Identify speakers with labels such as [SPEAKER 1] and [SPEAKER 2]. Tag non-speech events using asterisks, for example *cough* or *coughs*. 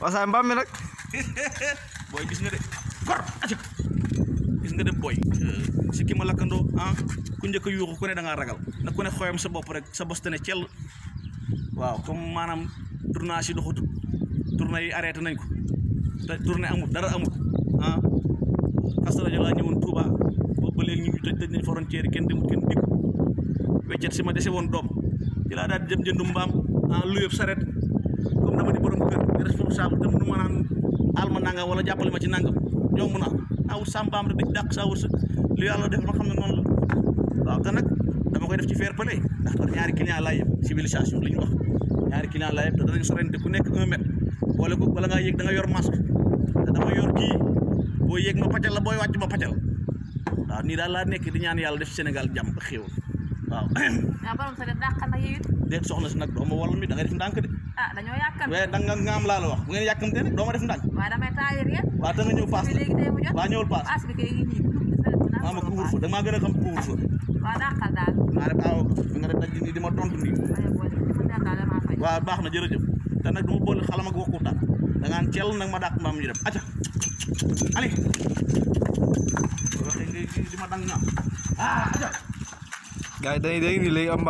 [SPEAKER 1] wasaay mbaam mi nag *laughs* booy gis nga de kor gis nga de booy eh, si ki ma lakkandoo ah ku njëkk a yuuxu ku ne da ngaa ragal na ku ne xooyam sa bopp rek sa bos ne cell waaw comme maanaam tournage yi doxatul tournée yi arrêté nañ ko te tournée amul dara amul ah Kazu Rajab laa ñëwoon Touba boobu ba léegi ñu ngi tëj kenn demul kenn dikk weccet si ma dese woon doom ci laa daal di mbaam ah lu yëpp saret comme dama di borom kër responsable te mënu ma naan al nangam wala jàppale ma ci nangam yomb naa naa wut sàmbaam da di dàq saa wërsëg lu yàlla def ma xam ne noonu la waaw te nag dama koy def ci fair play ndax par ñaari client laa yem civilisation li ñu wax ñaari client laa yem te danañ sorante ku nekk un mètre boole ko bala ngaa yéeg da nga yor masque te dama yor kii boo yéeg ma pàccal la booy wàcc ma pàccal waaw nii daal laa nekk di ñaan yàlla def Sénégal jàmm ak xéewal waaw.
[SPEAKER 2] *coughs* Ah,
[SPEAKER 1] déet soxna si nag doo ma wàllu mi da ngay def ndànk de.
[SPEAKER 2] ah dañoo
[SPEAKER 1] ngaam laa wax bu ngeen yàkkamtee nag a ma def ndànk.
[SPEAKER 2] waa damay a yéen. waaw
[SPEAKER 1] te nga paas la waaw ñëwal paas. paas bi da maa gën a xam couvre ah, na jërëjëf te nag du ma boole xalam ak wakkutaan da ngaan ceel nag ma dàq mbaam ñu dem acca allez
[SPEAKER 2] di ma dang na ah,
[SPEAKER 1] gars yi dañuy dañuy ni léegi